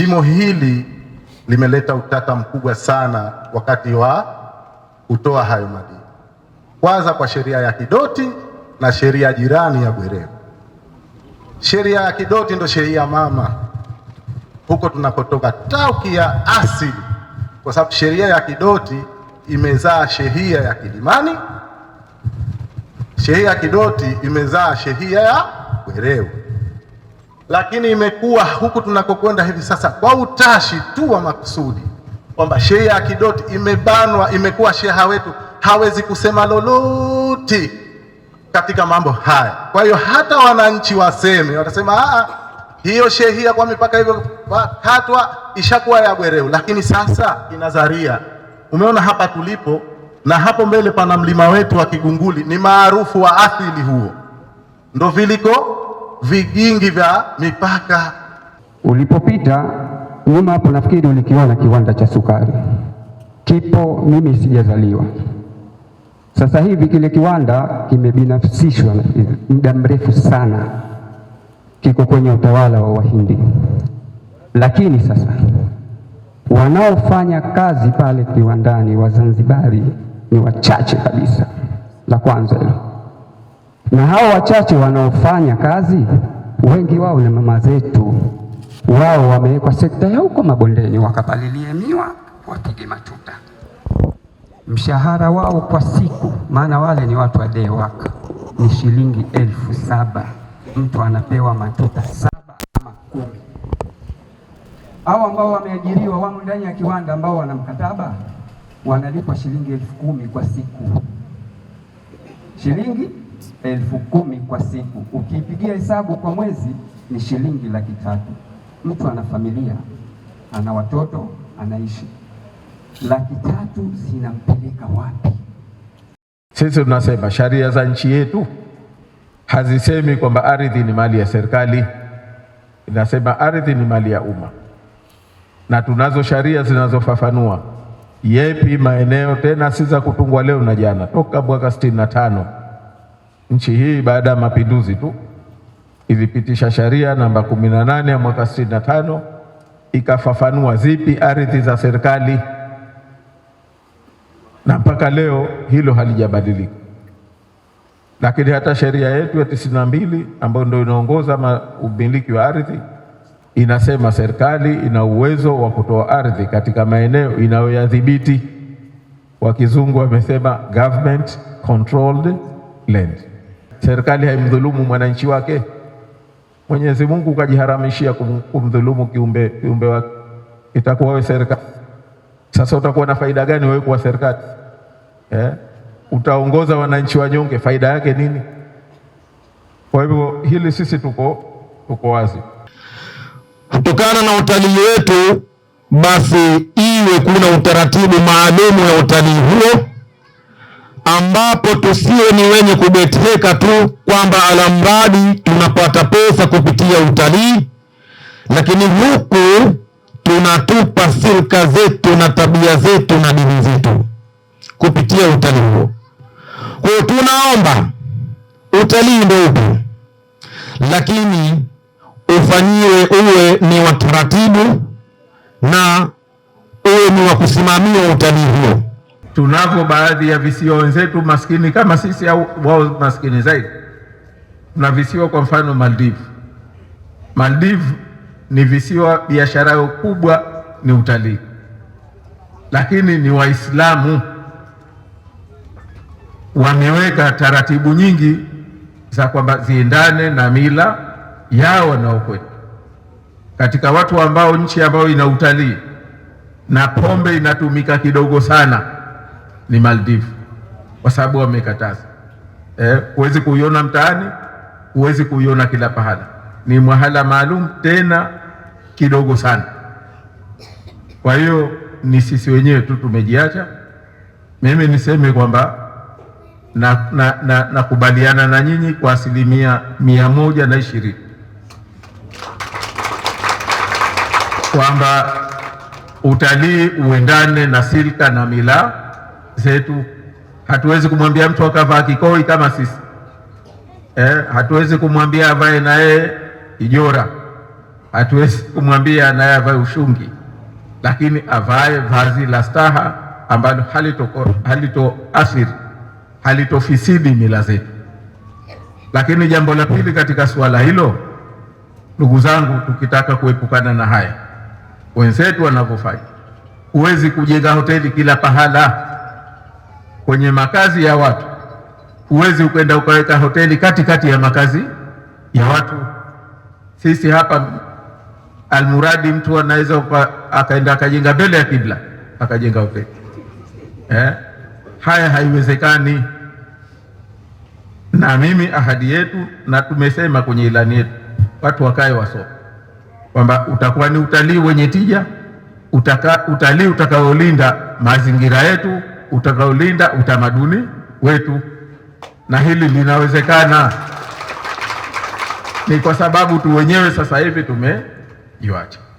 Shimo hili limeleta utata mkubwa sana wakati wa kutoa hayo madini, kwanza kwa sheria ya Kidoti na sheria jirani ya Gwerevu. Sheria ya Kidoti ndo sheria mama huko tunapotoka tauki ya asili, kwa sababu sheria ya Kidoti imezaa sheria ya Kilimani, sheria ya Kidoti imezaa sheria ya Gwerevu lakini imekuwa huku tunakokwenda hivi sasa kwa utashi tu wa makusudi kwamba shehia ya Kidoti imebanwa, imekuwa sheha wetu hawezi kusema lolote katika mambo haya. Kwa hiyo hata wananchi waseme, watasema a, ah, ah, hiyo shehia kwa mipaka hivyo katwa ishakuwa ya Bwereu, lakini sasa inazaria. Umeona hapa tulipo, na hapo mbele pana mlima wetu wa Kigunguli, ni maarufu wa athili huo, ndo viliko vigingi vya mipaka. Ulipopita nyuma hapo, nafikiri ulikiona kiwanda cha sukari kipo, mimi sijazaliwa. Sasa hivi kile kiwanda kimebinafsishwa muda mrefu sana, kiko kwenye utawala wa Wahindi, lakini sasa wanaofanya kazi pale kiwandani Wazanzibari ni wachache kabisa. La kwanza hilo na hao wachache wanaofanya kazi, wengi wao ni mama zetu. Wao wamewekwa sekta ya huko mabondeni, wakapalilie miwa, wapige matuta. Mshahara wao kwa siku, maana wale ni watu wa day work, ni shilingi elfu saba. Mtu anapewa matuta saba ama kumi. Hao ambao wameajiriwa wamo ndani ya kiwanda, ambao wana mkataba, wanalipwa shilingi elfu kumi kwa siku, shilingi elfu kumi kwa siku, ukiipigia hesabu kwa mwezi ni shilingi laki tatu. Mtu ana familia, ana watoto, anaishi, laki tatu zinampeleka wapi? Sisi tunasema sheria za nchi yetu hazisemi kwamba ardhi ni mali ya serikali, inasema ardhi ni mali ya umma, na tunazo sheria zinazofafanua yepi maeneo, tena si za kutungwa leo na jana, toka mwaka sitini na tano nchi hii baada ya mapinduzi tu ilipitisha sheria namba 18 ya mwaka 65 ikafafanua zipi ardhi za serikali, na mpaka leo hilo halijabadilika. Lakini hata sheria yetu ya tisini na mbili ambayo ndio inaongoza umiliki wa ardhi inasema serikali ina uwezo wa kutoa ardhi katika maeneo inayoyadhibiti. Wakizungu wamesema government controlled land serikali haimdhulumu mwananchi wake? Mwenyezi Mungu ukajiharamishia kumdhulumu kiumbe, kiumbe wake, itakuwa wewe serikali sasa utakuwa na faida gani wewe kuwa serikali eh? Utaongoza wananchi wanyonge, faida yake nini? Kwa hivyo hili sisi tuko tuko wazi. Kutokana na utalii wetu, basi iwe kuna utaratibu maalumu ya utalii huo ambapo tusiwe ni wenye kubeteka tu kwamba alamradi tunapata pesa kupitia utalii, lakini huku tunatupa silka zetu na tabia zetu na dini zetu kupitia utalii huo. Kwa hiyo tunaomba utalii ndio upo, lakini ufanyiwe uwe ni wataratibu na uwe ni wa kusimamia utalii huo tunavyo baadhi ya visiwa wenzetu maskini kama sisi au wao maskini zaidi. Tuna visiwa kwa mfano Maldives. Maldives ni visiwa, biashara yao kubwa ni utalii, lakini ni Waislamu wameweka taratibu nyingi za kwamba ziendane na mila yao wanaokwetu. Katika watu ambao nchi ambayo ina utalii na pombe inatumika kidogo sana ni Maldives kwa sababu wamekataza. Eh, huwezi eh, kuiona mtaani, huwezi kuiona kila pahala, ni mwahala maalum tena kidogo sana. Kwa hiyo ni sisi wenyewe tu tumejiacha. Mimi niseme kwamba nakubaliana na, na, na, na nyinyi kwa asilimia mia moja na ishirini kwamba utalii uendane na silka na milaa zetu. Hatuwezi kumwambia mtu akavaa kikoi kama sisi eh, hatuwezi kumwambia avae naye ijora, hatuwezi kumwambia naye avae ushungi, lakini avae vazi la staha ambalo halitoathiri, halitofisidi mila zetu. Lakini jambo la pili katika suala hilo, ndugu zangu, tukitaka kuepukana na haya wenzetu wanavyofanya, huwezi kujenga hoteli kila pahala kwenye makazi ya watu. Huwezi ukaenda ukaweka hoteli katikati ya makazi ya watu. Sisi hapa almuradi, mtu anaweza akaenda akajenga mbele ya kibla akajenga hoteli eh? Haya haiwezekani. Na mimi ahadi yetu, na tumesema kwenye ilani yetu, watu wakae wasoma kwamba utakuwa ni utalii wenye tija, utalii utakaolinda mazingira yetu utakaolinda utamaduni wetu, na hili linawezekana. Ni kwa sababu tu wenyewe sasa hivi tumejiacha.